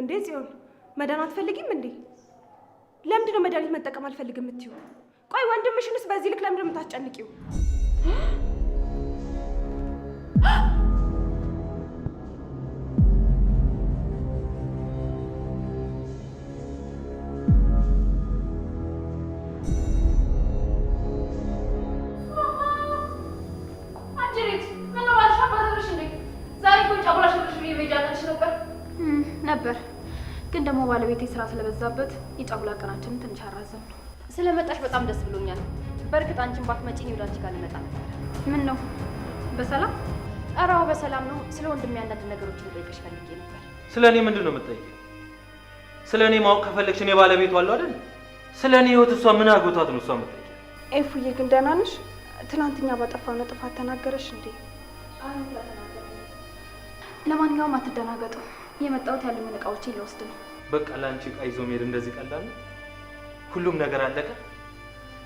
እንዴ ጽዮን፣ መዳን አትፈልጊም እንዴ? ለምንድን ነው መድኃኒት መጠቀም አልፈልግም የምትይው? ቆይ ወንድምሽንስ በዚህ ልክ ለምንድን ነው የምታስጨንቂው? ባለቤቴ ስራ ስለበዛበት የጫጉላ ቀናችን ትንሽ አራዘም ነው። ስለመጣሽ በጣም ደስ ብሎኛል። በእርግጥ አንቺን ባትመጪ እኔ ወደ አንቺ ጋር ልመጣ ነበር። ምን ነው በሰላም? ኧረ አዎ በሰላም ነው። ስለ ወንድም አንዳንድ ነገሮችን ልጠይቅሽ ፈልጌ ነበር። ስለ እኔ ምንድን ነው ስለ እኔ ማወቅ ከፈለግሽ እኔ ባለቤቷ አለሁ አይደል? ስለ እኔ ህይወት እሷ ምን አጎቷት ነው እሷ የምትጠይቂው? ኤፉዬ ግን ደህና ነሽ? ትናንትኛ ባጠፋነው ጥፋት ተናገረሽ እንዴ? ለማንኛውም አትደናገጡ። የመጣሁት ያሉኝን እቃዎቼ ልወስድ ነው። በቃ ለአንቺ እቃ ይዞ መሄድ እንደዚህ ቀላል ሁሉም ነገር አለቀ?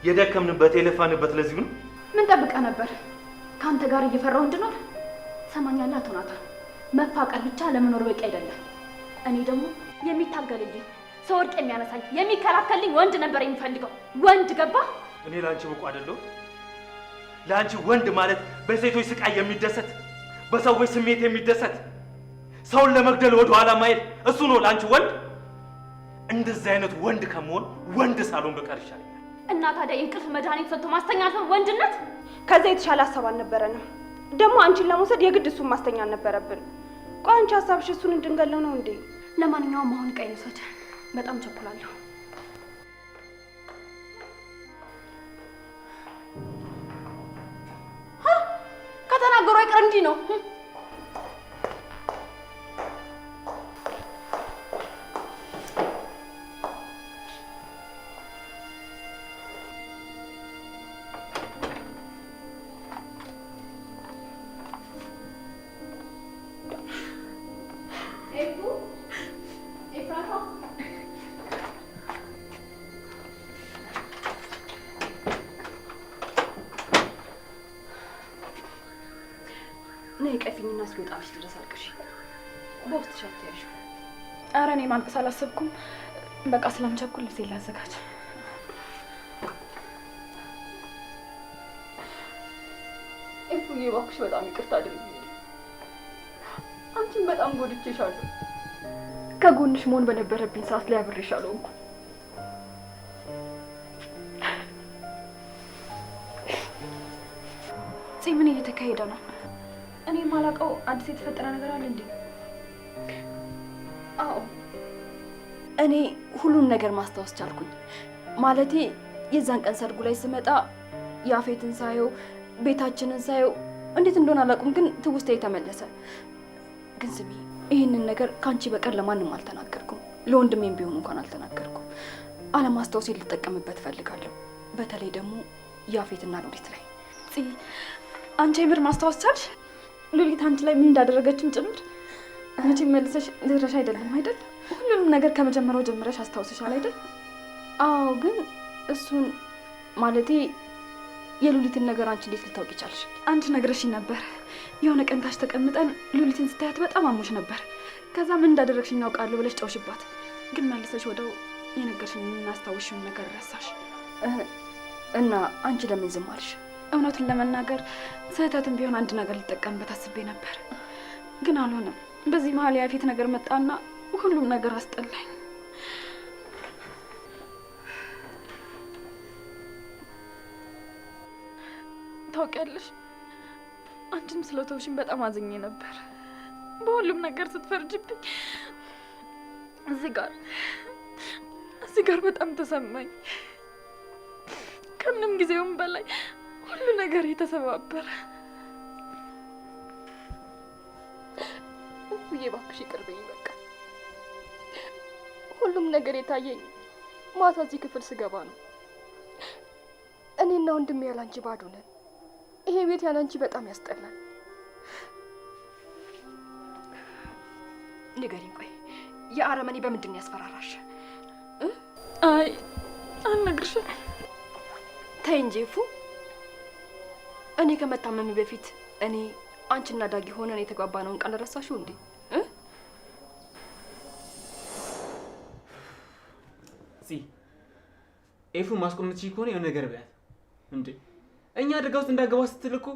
የደከምንበት የለፋንበት ለዚሁ ነው? ምን ጠብቀህ ነበር? ከአንተ ጋር እየፈራው እንድኖር ሰማኛለህ? አቶ ናታን፣ መፋቀር ብቻ ለመኖር በቂ አይደለም። እኔ ደግሞ የሚታገልልኝ ሰው ወድቅ የሚያነሳኝ የሚከላከልኝ ወንድ ነበር የሚፈልገው። ወንድ ገባ። እኔ ለአንቺ ብቁ አይደለሁ? ለአንቺ ወንድ ማለት በሴቶች ስቃይ የሚደሰት በሰዎች ስሜት የሚደሰት ሰውን ለመግደል ወደ ኋላ ማየት እሱ ነው ለአንቺ ወንድ? እንደዚህ አይነት ወንድ ከመሆን ወንድ ሳሎን በቀር ይሻለኛል። እና ታዲያ የእንቅልፍ መድኃኒት ሰጥቶ ማስተኛት ነው ወንድነት? ከዛ የተሻለ ሀሳብ አልነበረንም። ደግሞ አንቺን ለመውሰድ የግድ እሱን ማስተኛ አልነበረብን። ቆይ አንቺ ሀሳብሽ እሱን እንድንገለው ነው እንዴ? ለማንኛውም አሁን ቀይ ውሰድ፣ በጣም ቸኩላለሁ። ከተናገሩ አይቀር እንዲህ ነው። ነይ ቀፊኝና እስኪወጣልሽ ድረስ አልቅሽ። በውስጥ ሻት ያዥ። አረ እኔ ማልቀስ አላሰብኩም። በቃ ስላምቸኩል ልብሴ ላዘጋጅ። እፉዬ እባክሽ በጣም ይቅርታ አድርጊ። አንቺን በጣም ጎድቼሻለሁ። ከጎንሽ መሆን በነበረብኝ ሰዓት ላይ አብሬሻለሁ እንኳ ፂ ምን እየተካሄደ ነው? የማላውቀው አዲስ የተፈጠረ ነገር አለ እንዴ? አዎ፣ እኔ ሁሉን ነገር ማስታወስ ቻልኩኝ። ማለቴ የዛን ቀን ሰርጉ ላይ ስመጣ ያፌትን ሳየው፣ ቤታችንን ሳየው እንዴት እንደሆነ አላውቅም፣ ግን ትውስታ የተመለሰ ግን ስሚ፣ ይህንን ነገር ከአንቺ በቀር ለማንም አልተናገርኩም። ለወንድሜም ቢሆን እንኳን አልተናገርኩም። አለማስታወሴ ልጠቀምበት እፈልጋለሁ። በተለይ ደግሞ ያፌትና ሎሊት ላይ። ጽ አንቺ የምር ማስታወስ ቻልሽ? ሉሊት አንቺ ላይ ምን እንዳደረገችም ጭምር መቼም መልሰሽ ድረሽ አይደለም አይደል? ሁሉንም ነገር ከመጀመሪያው ጀምረሽ አስታውሰሻል አይደል? አዎ፣ ግን እሱን ማለቴ የሉሊትን ነገር አንቺ እንዴት ልታውቂ ቻልሽ? አንቺ ነግረሽኝ ነበር። የሆነ ቀን ታች ተቀምጠን ሉሊትን ስታያት በጣም አሞሽ ነበር። ከዛ ምን እንዳደረግሽ እናውቃለሁ ብለሽ ጨውሽባት፣ ግን መልሰሽ ወደው የነገርሽኝ እናስታውሽውን ነገር ረሳሽ እና አንቺ ለምን ዝም አልሽ? እውነቱን ለመናገር ስህተትም ቢሆን አንድ ነገር ልጠቀምበት አስቤ ነበር፣ ግን አልሆነም። በዚህ መሀል ያፌት ነገር መጣና ሁሉም ነገር አስጠላኝ። ታውቂያለሽ፣ አንቺም ስለተውሽኝ በጣም አዝኜ ነበር። በሁሉም ነገር ስትፈርጅብኝ እዚህ ጋር እዚህ ጋር በጣም ተሰማኝ ከምንም ጊዜውም በላይ ሁሉ ነገር የተሰባበረ እዬ፣ እባክሽ ይቅር በቃ ሁሉም ነገር የታየኝ ማታ እዚህ ክፍል ስገባ ነው። እኔና ወንድሜ ያላንቺ ባዶ ነን። ይሄ ቤት ያላንቺ በጣም ያስጠላል። ንገሪኝ፣ ቆይ የአረመኔ በምንድን ያስፈራራሽ? አይ አልነግርሽም። ተይ እንጂ እኔ ከመታመሚ በፊት እኔ አንቺና ዳጊ ሆነን የተግባባነውን ቃል ረሳሽው እንዴ? ኤፉ ማስቆም የምትችይ ከሆነ የሆነ ነገር በያት እንዴ። እኛ አደጋ ውስጥ እንዳገባ ስትል እኮ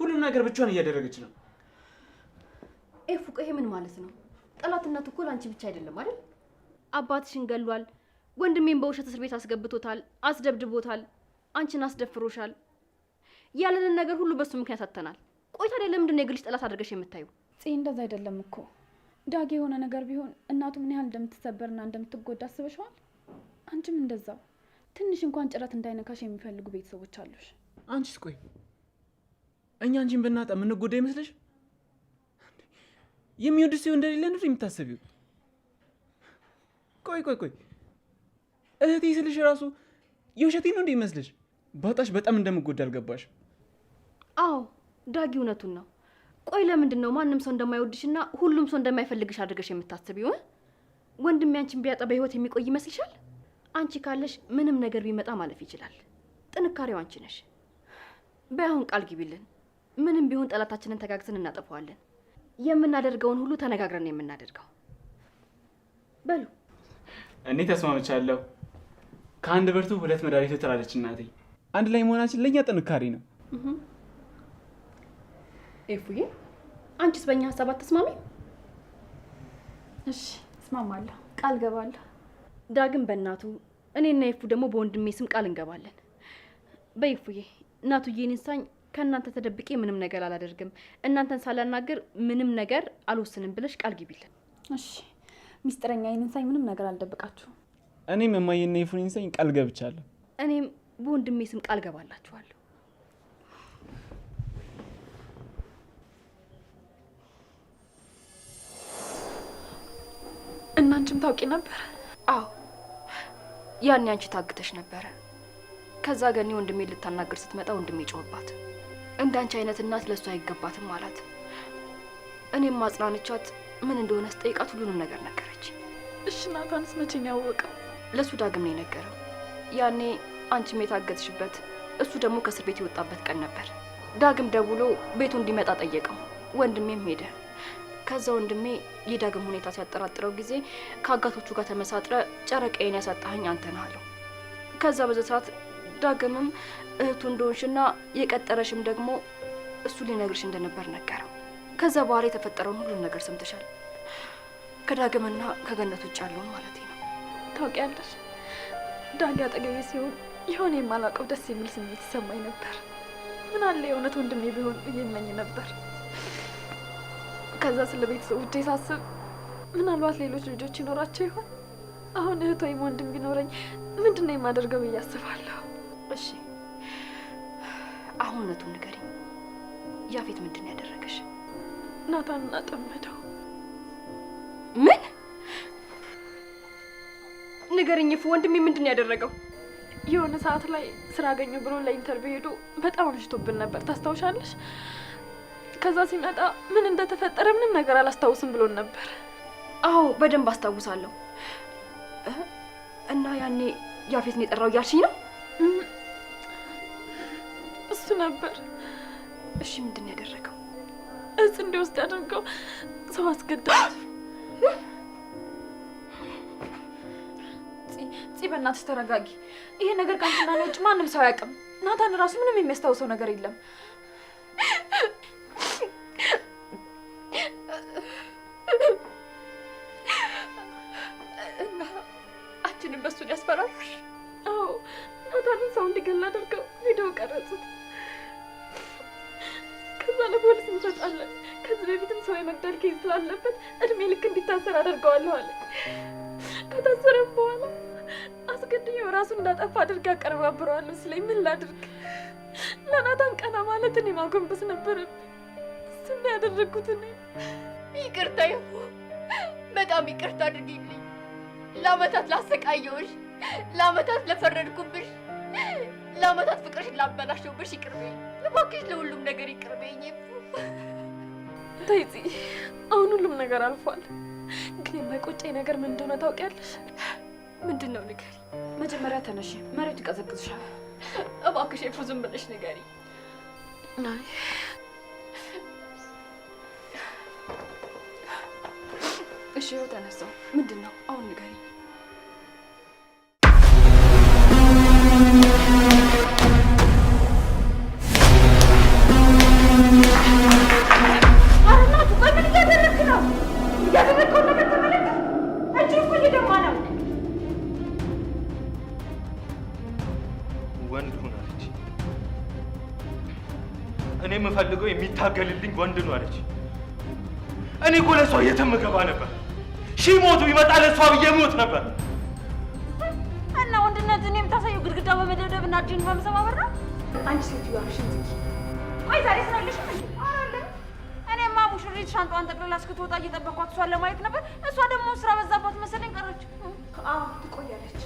ሁሉም ነገር ብቻዋን እያደረገች ነው። ኤፉ ይሄ ምን ማለት ነው? ጠላትነቱ እኮ ለአንቺ ብቻ አይደለም አይደል? አባትሽን ገሏል፣ ወንድሜን በውሸት እስር ቤት አስገብቶታል፣ አስደብድቦታል፣ አንቺን አስደፍሮሻል ያለንን ነገር ሁሉ በሱ ምክንያት አጥተናል። ቆይ ታዲያ ለምንድን ነው የግልሽ ጠላት አድርገሽ የምታዩ? ጽ እንደዛ አይደለም እኮ ዳጊ የሆነ ነገር ቢሆን እናቱ ምን ያህል እንደምትሰበርና እንደምትጎዳ አስበሽዋል? አንቺም እንደዛው ትንሽ እንኳን ጭረት እንዳይነካሽ የሚፈልጉ ቤተሰቦች አሉሽ። አንቺስ ቆይ እኛ አንቺን ብናጣ የምንጎዳ ይመስልሽ? የሚወድ ሲሆን እንደሌለ ነው የምታስቢው? ቆይ ቆይ ቆይ እህቴ ስልሽ ራሱ የውሸቴ ነው እንደ ይመስልሽ? ባጣሽ በጣም እንደምጎዳ አልገባሽ አዎ ዳጊ እውነቱን ነው። ቆይ ለምንድን ነው ማንም ሰው እንደማይወድሽና ሁሉም ሰው እንደማይፈልግሽ አድርገሽ የምታስቢው? ወንድሜ አንቺን ቢያጣ በህይወት የሚቆይ ይመስልሻል? አንቺ ካለሽ ምንም ነገር ቢመጣ ማለፍ ይችላል። ጥንካሬው አንቺ ነሽ። በያሁን ቃል ግቢልን። ምንም ቢሆን ጠላታችንን ተጋግዘን እናጠፋዋለን። የምናደርገውን ሁሉ ተነጋግረን የምናደርገው። በሉ እኔ ተስማምቻለሁ። ከአንድ ብርቱ ሁለት መድኃኒቱ ትላለች እናቴ። አንድ ላይ መሆናችን ለእኛ ጥንካሬ ነው። ኤፉዬ አንቺስ በእኛ ሀሳብ አትስማሚ? እሺ እስማማለሁ፣ ቃል ገባለሁ። ዳግም በእናቱ እኔና ኤፉ ደግሞ በወንድሜ ስም ቃል እንገባለን። በኤፉዬ እናቱዬ እኔን ሳኝ ከእናንተ ተደብቄ ምንም ነገር አላደርግም፣ እናንተን ሳላናግር ምንም ነገር አልወስንም ብለሽ ቃል ግቢልን። እሺ ሚስጥረኛ ይህንን ምንም ነገር አልደብቃችሁም። እኔም የማየና ኤፉን ሳኝ ቃል ገብቻለሁ። እኔም በወንድሜ ስም ቃል ገባላችኋለሁ። አንቺም ታውቂ ነበር? አዎ፣ ያኔ አንቺ ታግተሽ ነበረ። ከዛ ገኒ ወንድሜ ልታናገር ስትመጣ ወንድሜ ጮህባት፣ እንደ አንቺ አይነት እናት ለእሱ አይገባትም አላት። እኔም ማጽናንቻት ምን እንደሆነ ስጠይቃት ሁሉንም ነገር ነገረች። እሺ ናታንስ መቼን ያወቀው? ለእሱ ዳግም ነው የነገረው። ያኔ አንቺም የታገትሽበት እሱ ደግሞ ከእስር ቤት የወጣበት ቀን ነበር። ዳግም ደውሎ ቤቱ እንዲመጣ ጠየቀው። ወንድሜም ሄደ። ከዛ ወንድሜ የዳግም ሁኔታ ሲያጠራጥረው ጊዜ ከአጋቶቹ ጋር ተመሳጥረ ጨረቃዬን ያሳጣኸኝ አንተ ነህ አለው። ከዛ በዛ ሰዓት ዳግምም እህቱ እንደሆንሽና የቀጠረሽም ደግሞ እሱ ሊነግርሽ እንደነበር ነገረው። ከዛ በኋላ የተፈጠረውን ሁሉን ነገር ሰምተሻል። ከዳግምና ከገነት ውጭ ያለውን ማለት ነው። ታውቂያለሽ፣ ዳግ አጠገቤ ሲሆን የሆነ የማላውቀው ደስ የሚል ስሜት ይሰማኝ ነበር። ምን አለ የእውነት ወንድሜ ቢሆን ብዬ እመኝ ነበር። ከዛ ስለ ቤተሰቦቼ ሳስብ ምናልባት ሌሎች ልጆች ይኖራቸው ይሆን? አሁን እህት ወይም ወንድም ቢኖረኝ ምንድን ነው የማደርገው ብዬ አስባለሁ። እሺ አሁን እውነቱን ንገሪኝ። ያፌት ምንድን ነው ያደረገሽ? ናታንና እናጠመደው። ምን? ንገርኝ። እፍ ወንድሜ ምንድን ነው ያደረገው? የሆነ ሰዓት ላይ ስራ አገኘሁ ብሎ ለኢንተርቪው ሄዶ በጣም አምሽቶብን ነበር። ታስታውሻለሽ? ከዛ ሲመጣ ምን እንደተፈጠረ ምንም ነገር አላስታውስም ብሎን ነበር። አዎ በደንብ አስታውሳለሁ። እና ያኔ ያፌትን የጠራው እያልሽኝ ነው? እሱ ነበር። እሺ ምንድን ነው ያደረገው? እጽ እንዲወስድ አድርገው ሰው አስገዳት። ፂ በእናትሽ ተረጋጊ። ይሄ ነገር ከአንቺና ማንም ሰው አያውቅም። ናታን ራሱ ምንም የሚያስታውሰው ነገር የለም። የመግደል ኬዝ ስላለበት እድሜ ልክ እንዲታሰር አደርገዋለሁ አለ። ከታሰረም በኋላ አስገድዬው ራሱን እንዳጠፋ አድርግ አቀነባብረዋለሁ ስለኝ ምን ላድርግ? ለናታን ቀና ማለት እኔ ማጎንበስ ነበረብኝ። እሱን ያደረግኩት እኔ። ይቅርታ ይሁን፣ በጣም ይቅርታ አድርጊልኝ። ለአመታት ላሰቃየውሽ፣ ለአመታት ለፈረድኩብሽ፣ ለአመታት ፍቅርሽ ላበላሸሁብሽ ይቅርበኝ። እባክሽ ለሁሉም ነገር ይቅርበኝ። ተይ አሁን ሁሉም ነገር አልፏል። ግን የማይቆጨኝ ነገር ምን እንደሆነ ታውቂያለሽ? ምንድን ነው? ንገሪ። መጀመሪያ ተነሽ፣ መሬቱ ይቀዘቅዝሻል። እባክሽ ኤፉ፣ ዝም ብለሽ ንገሪ። እሺ፣ ተነሳው። ምንድን ነው አሁን? ንገሪ የሚታገልልኝ ወንድ ነው አለች። እኔ እኮ ለእሷ የትም ገባ ነበር። ሺህ ሞቱ ይመጣ ለእሷ ብዬ ሞት ነበር። እና ወንድነት እኔ የምታሳየው ግድግዳ በመደብደብ እና እጅን በመሰባበር ነው። አንቺ ሴትዮዋ ሽን ዝጊ። ቆይ ዛሬ ስራ የለሽም እንዴ? እኔማ ሙሽሪት ሻንጣዋን ጠቅልላ እስክትወጣ እየጠበኳት እሷን ለማየት ነበር። እሷ ደግሞ ስራ በዛባት መሰለኝ ቀረች። አዎ ትቆያለች።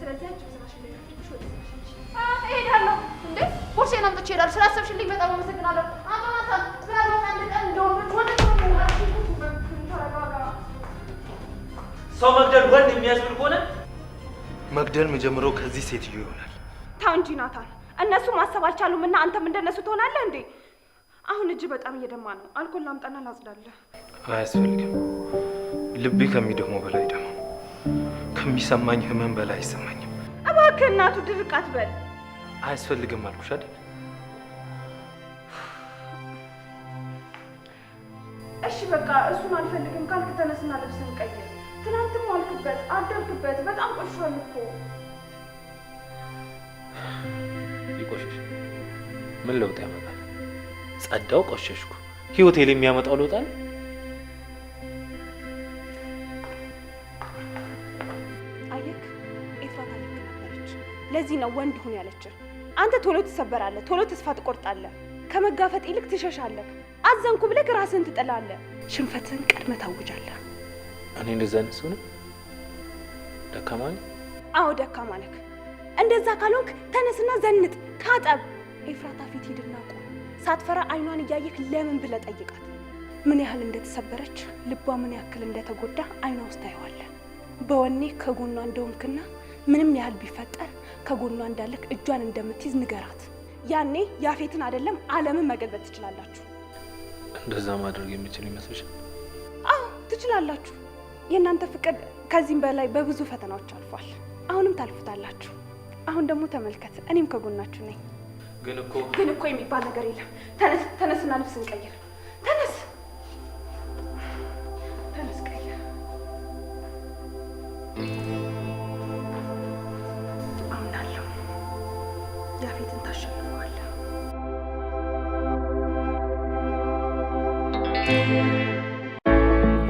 ስለዚህ አንቺ ስራሽ ላይ ወደ እሄዳለሁ። እንዴ ቦርሴን አምጥቼ እሄዳለሁ። ስላሰብሽልኝ በጣም አመሰግናለሁ። ሰው መግደል ወንድ የሚያስብል ከሆነ መግደል መጀመሪያው ከዚህ ሴትዮ ይሆናል። ተው እንጂ ናታን፣ እነሱ ማሰብ አልቻሉም እና አንተም እንደነሱ ትሆናለህ እንዴ? አሁን እጅ በጣም እየደማ ነው። አልኮል ላምጣና ላጽዳለህ። አያስፈልግም። ልቤ ከሚደሞ በላይ ደግሞ ከሚሰማኝ ህመም በላይ ይሰማኝ ከእናቱ እናቱ ድርቅ አትበል። አያስፈልግም አልኩሽ አይደል? እሺ በቃ እሱን አልፈልግም ካልክ ተነስና ልብስ እንቀይር። ትናንትም አልክበት አደርግበት። በጣም ቆሽሿል እኮ ይቆሸሽ ምን ለውጥ ያመጣል? ጸዳው ቆሸሽኩ። ህይወቴ የሚያመጣው ለውጥ አለ ለዚህ ነው ወንድ ሁን ያለች አንተ ቶሎ ትሰበራለህ፣ ቶሎ ተስፋ ትቆርጣለህ። ከመጋፈጥ ይልቅ ትሸሻለህ። አዘንኩ ብለህ ራስህን ትጥላለህ። ሽንፈትህን ቀድመህ ታውጃለህ። እኔ እንደዛ አይነት ሰው ነኝ? ደካማ ነኝ? አዎ ደካማ ነህ። እንደዛ ካልሆንክ ተነስና ዘንጥ፣ ታጠብ። ኤፍራታ ፊት ሂድና ቆም። ሳትፈራ አይኗን እያየህ ለምን ብለህ ጠይቃት። ምን ያህል እንደተሰበረች ልቧ ምን ያክል እንደተጎዳ አይኗ ውስጥ ታየዋለህ። በወኔ ከጎኗ እንደሆንክና ምንም ያህል ቢፈጠር ከጎኗ እንዳለክ እጇን እንደምትይዝ ንገራት። ያኔ ያፌትን አይደለም ዓለምን መገልበጥ ትችላላችሁ። እንደዛ ማድረግ የሚችል ይመስልሻል? አዎ ትችላላችሁ። የእናንተ ፍቅር ከዚህም በላይ በብዙ ፈተናዎች አልፏል። አሁንም ታልፉታላችሁ። አሁን ደግሞ ተመልከት፣ እኔም ከጎናችሁ ነኝ። ግን እኮ ግን እኮ የሚባል ነገር የለም። ተነስና ልብስ እንቀይር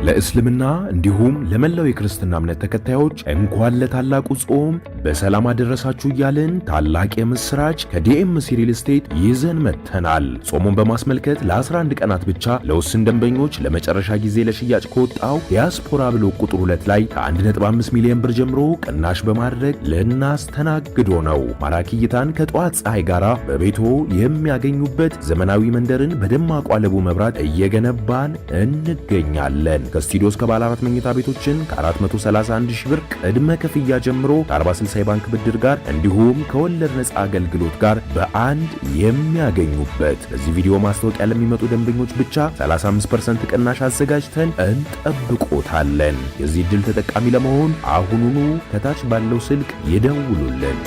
ለእስልምና እንዲሁም ለመላው የክርስትና እምነት ተከታዮች እንኳን ለታላቁ ጾም በሰላም አደረሳችሁ እያልን ታላቅ የምስራች ከዲኤምሲ ሪል ስቴት ይዘን መጥተናል። ጾሙን በማስመልከት ለ11 ቀናት ብቻ ለውስን ደንበኞች ለመጨረሻ ጊዜ ለሽያጭ ከወጣው ዲያስፖራ ብሎ ቁጥር 2 ላይ ከ1.5 ሚሊዮን ብር ጀምሮ ቅናሽ በማድረግ ልናስተናግዶ ነው። ማራኪ እይታን ከጠዋት ፀሐይ ጋር በቤቶ የሚያገኙበት ዘመናዊ መንደርን በደማቁ አለቡ መብራት እየገነባን እንገኛለን። ከስቱዲዮ እስከ ባለ አራት መኝታ ቤቶችን ከ431 ሺህ ብር ቅድመ ክፍያ ጀምሮ ከ46 ሳይ ባንክ ብድር ጋር እንዲሁም ከወለድ ነፃ አገልግሎት ጋር በአንድ የሚያገኙበት። በዚህ ቪዲዮ ማስታወቂያ ለሚመጡ ደንበኞች ብቻ 35% ቅናሽ አዘጋጅተን እንጠብቆታለን። የዚህ ድል ተጠቃሚ ለመሆን አሁኑኑ ከታች ባለው ስልክ ይደውሉልን።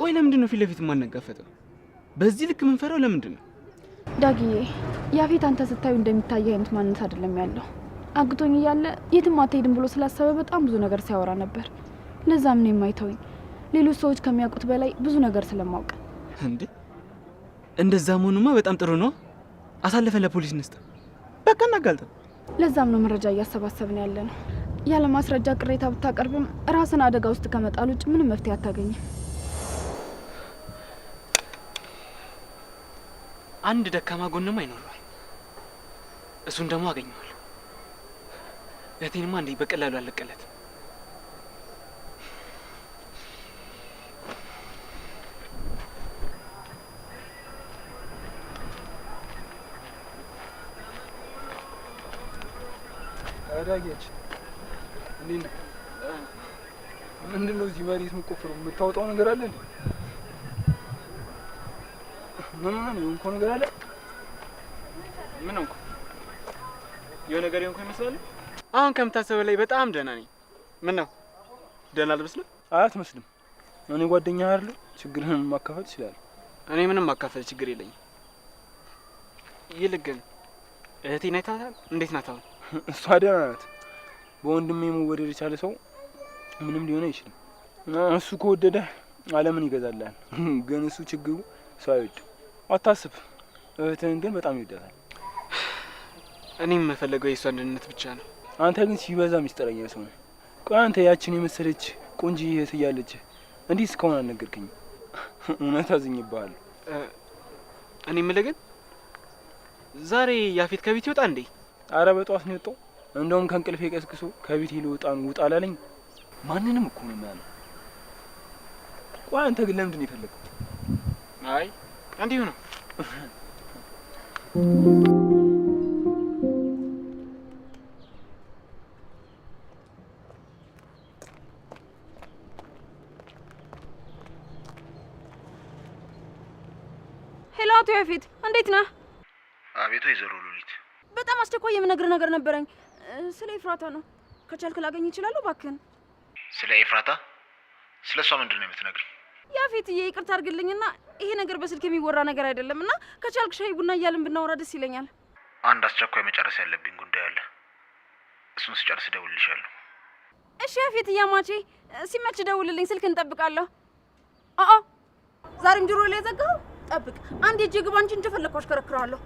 ቆይ ለምንድን ነው ፊት ለፊት በዚህ ልክ የምንፈራው ለምንድን ነው? ዳግዬ ያፌት አንተ ስታዩ እንደሚታይ አይነት ማንነት አይደለም ያለው። አግቶኝ እያለ የትም አትሄድም ብሎ ስላሰበ በጣም ብዙ ነገር ሲያወራ ነበር። ለዛም ነው የማይተውኝ። ሌሎች ሰዎች ከሚያውቁት በላይ ብዙ ነገር ስለማውቅ። እንዴ እንደዛ መሆኑማ በጣም ጥሩ ነው። አሳልፈን ለፖሊስ እንስጥ፣ በቃ እናጋልጠን። ለዛም ነው መረጃ እያሰባሰብን ያለ ነው። ያለ ማስረጃ ቅሬታ ብታቀርብም ራስን አደጋ ውስጥ ከመጣል ውጭ ምንም መፍትሄ አታገኝም። አንድ ደካማ ጎንም አይኖረዋል። እሱን ደግሞ አገኘዋለሁ። እህቴንማ እንዲህ በቀላሉ አለቀለትም። አዳጌች እንዴት ምንድን ነው እዚህ መሬት ምቆፍሩ? የምታወጣው ነገር አለ እንዴ? ምን ነው እንኮ ነገር አለ? ምን እንኮ የሆነ ነገር እንኮ ይመስላል። አሁን ከምታሰበ ላይ በጣም ደህና ነኝ። ምን ነው ደህና አልመስልም? አትመስልም። እኔ ጓደኛ አይደል? ችግርህን ማካፈል ይችላል። እኔ ምንም ማካፈል ችግር የለኝም። ይልቅ ግን እህቴ ናይታታል። እንዴት ናት አሁን? እሷ ደህና ናት። በወንድሜ መወደድ የቻለ ሰው ምንም ሊሆን አይችልም። እሱ ከወደደ ዓለምን ይገዛላል። ግን እሱ ችግሩ ሰው አይወድም። አታስብ። እህትህን ግን በጣም ይወዳታል። እኔ የምፈልገው የእሷ አንድነት ብቻ ነው። አንተ ግን ሲበዛ ሚስጥረኛ ሰው ነህ። ቆይ አንተ ያችን የመሰለች ቆንጂ እህት እያለች እንዲህ እስካሁን አልነገርከኝም? እውነት አዝኜብሃለሁ። እኔ የምልህ ግን ዛሬ ያፌት ከቤት ይወጣ እንዴ? አረ በጠዋት ነው የወጣው። እንደውም ከእንቅልፌ ቀስቅሶ ከቤት ልወጣ ውጣ አላለኝ። ማንንም እኮ ነው ያለው። ቆይ አንተ ግን ለምንድን ነው የፈለገው? አይ እንዲሁ ነው። ሄሎ፣ አቶ ያፌት እንዴት ነህ? አቤቱ የዘሮ ሉሊት፣ በጣም አስቸኳይ የምነግር ነገር ነበረኝ። ስለ ኤፍራታ ነው። ከቻልክ ላገኝ ይችላሉ? እባክህን። ስለ ኤፍራታ? ስለ እሷ ምንድን ነው የምትነግር? ያፌትዬ፣ ይቅርታ አድርግልኝና ይሄ ነገር በስልክ የሚወራ ነገር አይደለም እና ከቻልክ ሻይ ቡና እያልን ብናወራ ደስ ይለኛል። አንድ አስቸኳይ መጨረስ ያለብኝ ጉዳይ አለ። እሱን ስጨርስ እደውልልሻለሁ። እሺ ያፌት እያማቼ ሲመች ደውልልኝ። ስልክ እንጠብቃለሁ። አአ ዛሬም ድሮ ላይ ዘጋው። ጠብቅ አንድ እጅ ግባ እንጂ እንደፈለግኩ አሽከረክራለሁ።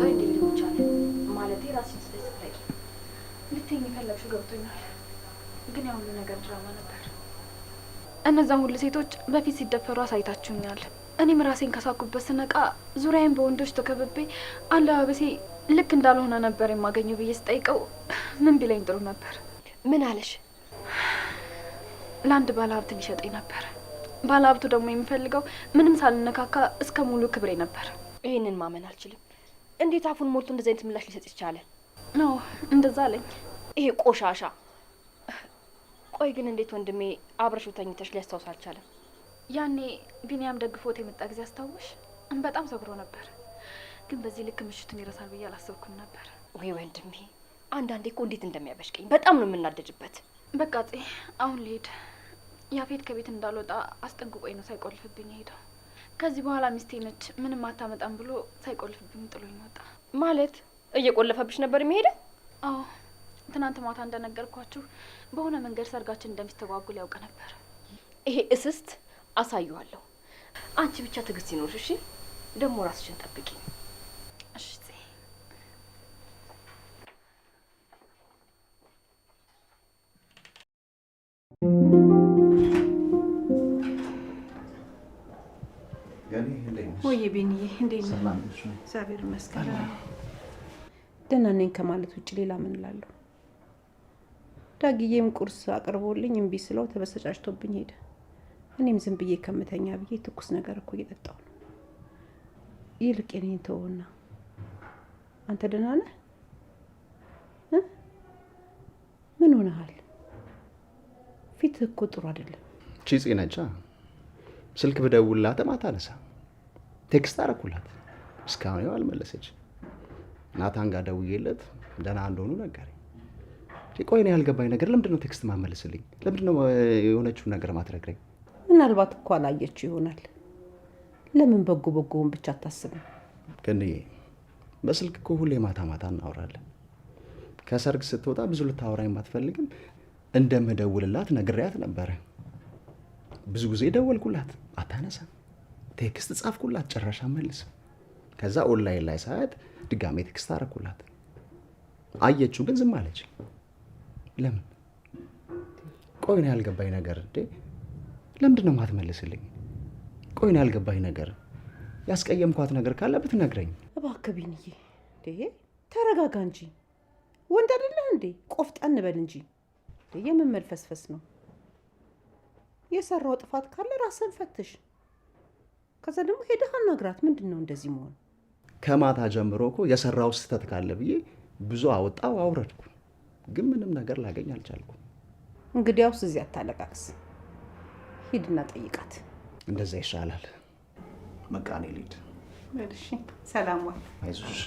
ቆይ ሊሆን ማለቴ ልትይኝ ገብቶኛል፣ ግን ያሁሉ ነገር ድራማ ነበር። እነዛን ሁሉ ሴቶች በፊት ሲደፈሩ አሳይታችሁኛል። እኔም ራሴን ከሳኩበት ስነቃ ዙሪያዬን በወንዶች ተከብቤ አለባበሴ ልክ እንዳልሆነ ነበር የማገኘው ብዬ ስጠይቀው ምን ቢለኝ ጥሩ ነበር? ምን አለሽ? ለአንድ ባለሀብት ሊሸጠኝ ነበር። ባለሀብቱ ደግሞ የሚፈልገው ምንም ሳልነካካ እስከ ሙሉ ክብሬ ነበር። ይህንን ማመን አልችልም። እንዴት አፉን ሞልቶ እንደዚህ አይነት ምላሽ ሊሰጥ ይቻላል? ነው እንደዛ አለኝ። ይሄ ቆሻሻ ቆይ ግን እንዴት ወንድሜ አብረሽው ተኝተሽ ሊያስታውስ አልቻለም? ያኔ ቢኒያም ደግፎት የመጣ ጊዜ አስታውሽ በጣም ሰግሮ ነበር። ግን በዚህ ልክ ምሽቱን ይረሳል ብዬ አላሰብኩም ነበር። ወይ ወንድሜ፣ አንዳንዴ እኮ እንዴት እንደሚያበሽቀኝ በጣም ነው የምናደድበት። በቃ ጼ፣ አሁን ልሄድ። ያፌት ከቤት እንዳልወጣ አስጠንቅቆኝ ነው ሳይቆልፍብኝ ሄደው። ከዚህ በኋላ ሚስቴ ነች ምንም አታመጣም ብሎ ሳይቆልፍብኝ ጥሎኝ ወጣ። ማለት እየቆለፈብሽ ነበር የሚሄደው? አዎ ትናንት ማታ እንደነገርኳችሁ በሆነ መንገድ ሰርጋችን እንደሚስተጓጉል ያውቅ ነበር። ይሄ እስስት አሳየዋለሁ። አንቺ ብቻ ትዕግስት ይኖርሽ። እሺ፣ ደግሞ ራስሽን ጠብቂ። እሺ። ቤንዬ፣ እንዴት ነው? እግዚአብሔር ይመስገን ደህና ነኝ ከማለት ውጭ ሌላ ምን እላለሁ? ዳግዬም ቁርስ አቅርቦልኝ እምቢ ስለው ተበሰጫጭቶብኝ ሄደ። እኔም ዝም ብዬ ከምተኛ ብዬ ትኩስ ነገር እኮ እየጠጣው ነው። ይልቅ የኔን ተወውና አንተ ደህና ነህ? ምን ሆነሃል? ፊት እኮ ጥሩ አይደለም። ቺጽ ነጫ ስልክ ብደውልላት አነሳ ቴክስት አረኩላት እስካሁን አልመለሰች። ናታን ጋር ደውዬለት ደህና እንደሆኑ ነገረኝ። ቆይ ነው ያልገባኝ ነገር ለምንድን ነው ቴክስት ማመልስልኝ? ለምንድን ነው የሆነችውን ነገር ማትነግረኝ? ምናልባት እኮ አላየችው ይሆናል። ለምን በጎ በጎውን ብቻ አታስብም? ግን በስልክ እኮ ሁሌ ማታ ማታ እናወራለን። ከሰርግ ስትወጣ ብዙ ልታወራኝ ባትፈልግም እንደምደውልላት ነግሬያት ነበረ። ብዙ ጊዜ ደወልኩላት፣ አታነሳም። ቴክስት ጻፍኩላት፣ ጭራሽ አመልስም። ከዛ ኦንላይን ላይ ሳያት ድጋሜ ቴክስት አረኩላት። አየችው ግን ዝም አለች። ለምን ቆይ ነው ያልገባኝ ነገር እንዴ? ለምንድን ነው የማትመልስልኝ? ቆይ ነው ያልገባኝ ነገር፣ ያስቀየምኳት ነገር ካለ ብትነግረኝ እባክህ። ቢንዬ እንዴ ተረጋጋ እንጂ ወንድ አይደለህ እንዴ? ቆፍጠን በል እንጂ የምን መልፈስፈስ ነው? የሰራው ጥፋት ካለ ራስን ፈትሽ። ከዛ ደግሞ ሄደህ አናግራት። ምንድን ነው እንደዚህ መሆን? ከማታ ጀምሮ እኮ የሰራው ስህተት ካለ ብዬ ብዙ አወጣው አውረድኩ። ግን ምንም ነገር ላገኝ አልቻልኩም። እንግዲያውስ እዚህ አታለቃቅስ፣ ሂድና ጠይቃት። እንደዛ ይሻላል። መቃኔ ልሂድ። ሰላም ዋል። አይዞሽ።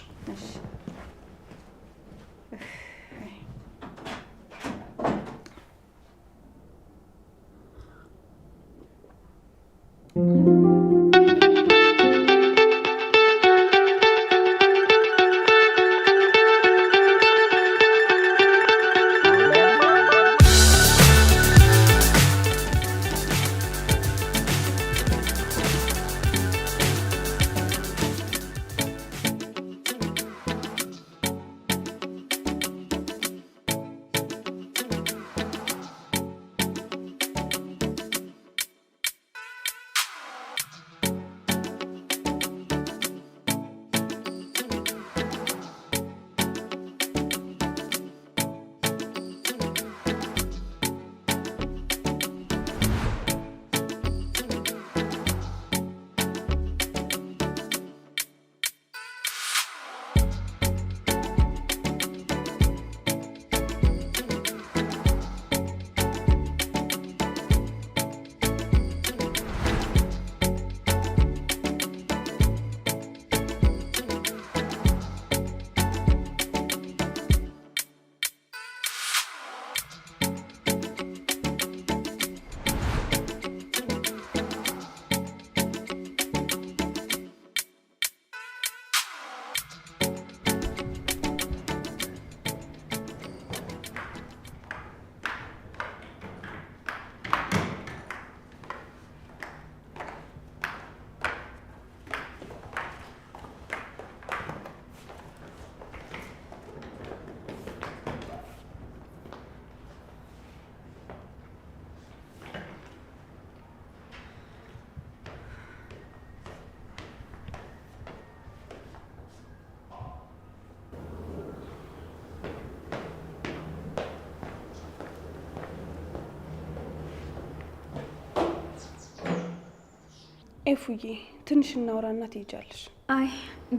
ኤፉዬ ትንሽ እናውራና እና ትሄጃለሽ። አይ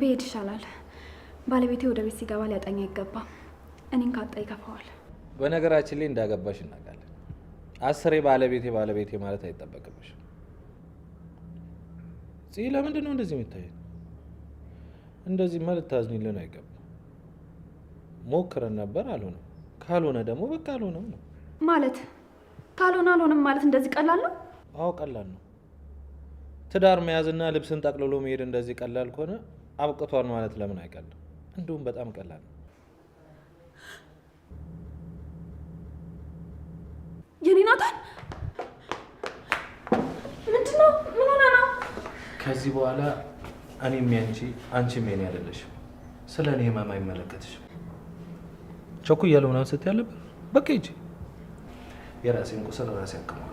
ብሄድ ይሻላል። ባለቤቴ ወደ ቤት ሲገባ ሊያጣኝ አይገባም። እኔን ካጣ ይከፋዋል። በነገራችን ላይ እንዳገባሽ እናውቃለን። አስሬ ባለቤቴ ባለቤቴ ማለት አይጠበቅብሽ። ጽ ለምንድን ነው እንደዚህ የምታይ? እንደዚህ ማለት ታዝኝልን አይገባም። ሞክረን ነበር አልሆነም። ካልሆነ ደግሞ በቃ አልሆነም ነው ማለት። ካልሆነ አልሆነም ማለት እንደዚህ ቀላል ነው? አዎ ቀላል ነው። ትዳር መያዝና ልብስን ጠቅልሎ መሄድ እንደዚህ ቀላል ከሆነ አብቅቷል ማለት ለምን አይቀልም? እንዲሁም በጣም ቀላል ነው። የኔ ናታን ምንድን ነው? ምን ሆነ ነው? ከዚህ በኋላ እኔም ያንቺ አንቺም የኔ አይደለሽም። ስለ እኔ ህመም አይመለከትሽም። ቸኩ እያለ ምናምን ስትይ አለብን። በቃ ሂጂ፣ የራሴን ቁስል ራሴ ያክማል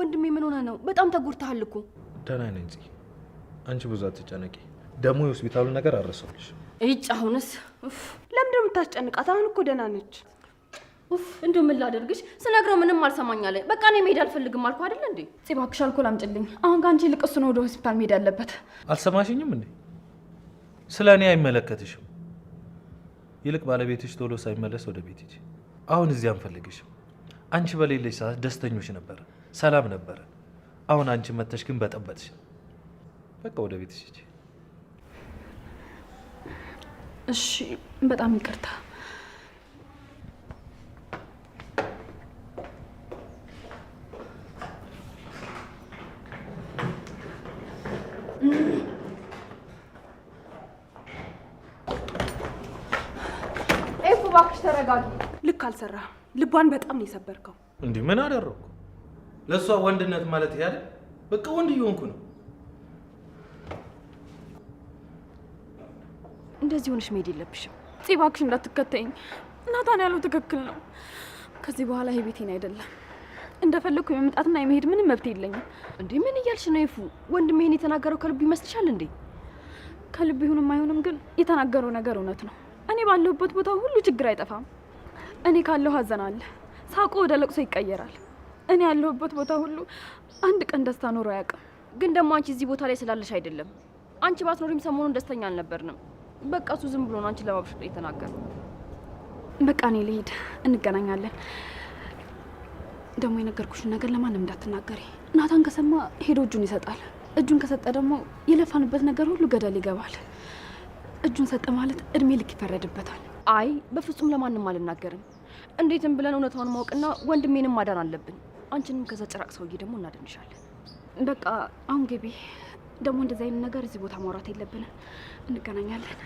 ወንድሜ ምን ሆነ ነው? በጣም ተጎድተሃል እኮ። ደህና ነኝ እንጂ አንቺ ብዙ አትጨነቂ። ደግሞ የሆስፒታሉን ነገር አረሰውልሽ። እጭ አሁንስ ለምንድን ነው የምታስጨንቃት? አሁን እኮ ደህና ነች። ኡፍ እንደው ምን ላደርግሽ ስነግረው ምንም አልሰማኝ አለ። በቃ እኔ መሄድ አልፈልግም አልኩ አይደል እንዴ። እባክሽ አልኮል አምጪልኝ። አሁን ከአንቺ ይልቅ እሱ ነው ወደ ሆስፒታል መሄድ ያለበት። አልሰማሽኝም እንዴ? ስለ እኔ አይመለከትሽም። ይልቅ ባለቤትሽ ቶሎ ሳይመለስ ወደ ቤት ሂጂ። አሁን እዚያ አንፈልግሽም። አንቺ በሌለሽ ሰዓት ደስተኞች ነበር። ሰላም ነበረ። አሁን አንቺ መተሽ ግን በጠበጥሽ። በቃ ወደ ቤትሽ ሂጂ። እሺ፣ በጣም ይቅርታ። ልክ አልሰራህም። ልቧን በጣም ነው የሰበርከው። እንዲህ ምን አደረኩ? ለእሷ ወንድነት ማለት ያለ በቃ ወንድ እየሆንኩ ነው። እንደዚህ ሆነሽ መሄድ የለብሽም። ጽ እባክሽ እንዳትከተይኝ። ናታን ያለው ትክክል ነው። ከዚህ በኋላ ይሄ ቤቴን አይደለም። እንደፈለግኩ የመምጣትና የመሄድ ምንም መብት የለኝም። እንዴ ምን እያልሽ ነው ይፉ? ወንድሜ ይሄን የተናገረው ከልብ ይመስልሻል እንዴ? ከልብ ይሁንም አይሁንም ግን የተናገረው ነገር እውነት ነው። እኔ ባለሁበት ቦታ ሁሉ ችግር አይጠፋም። እኔ ካለሁ ሀዘን አለ፣ ሳቁ ወደ ለቅሶ ይቀየራል። እኔ ያለሁበት ቦታ ሁሉ አንድ ቀን ደስታ ኖሮ አያውቅም። ግን ደግሞ አንቺ እዚህ ቦታ ላይ ስላለሽ አይደለም። አንቺ ባትኖሪም ሰሞኑን ደስተኛ አልነበርንም። በቃ እሱ ዝም ብሎ ነው አንቺን ለማብሸቅ የተናገር። በቃ እኔ ልሂድ፣ እንገናኛለን። ደግሞ የነገርኩሽን ነገር ለማንም እንዳትናገሪ። ናታን ከሰማ ሄዶ እጁን ይሰጣል። እጁን ከሰጠ ደግሞ የለፋንበት ነገር ሁሉ ገደል ይገባል። እጁን ሰጠ ማለት እድሜ ልክ ይፈረድበታል። አይ በፍጹም ለማንም አልናገርም። እንዴትም ብለን እውነታውን ማወቅና ወንድሜንም ማዳን አለብን። አንቺንም ከዛ ጭራቅ ሰውዬ ደግሞ እናደንሻለን በቃ አሁን ገቢ ደግሞ እንደዚህ አይነት ነገር እዚህ ቦታ ማውራት የለብንም። እንገናኛለን።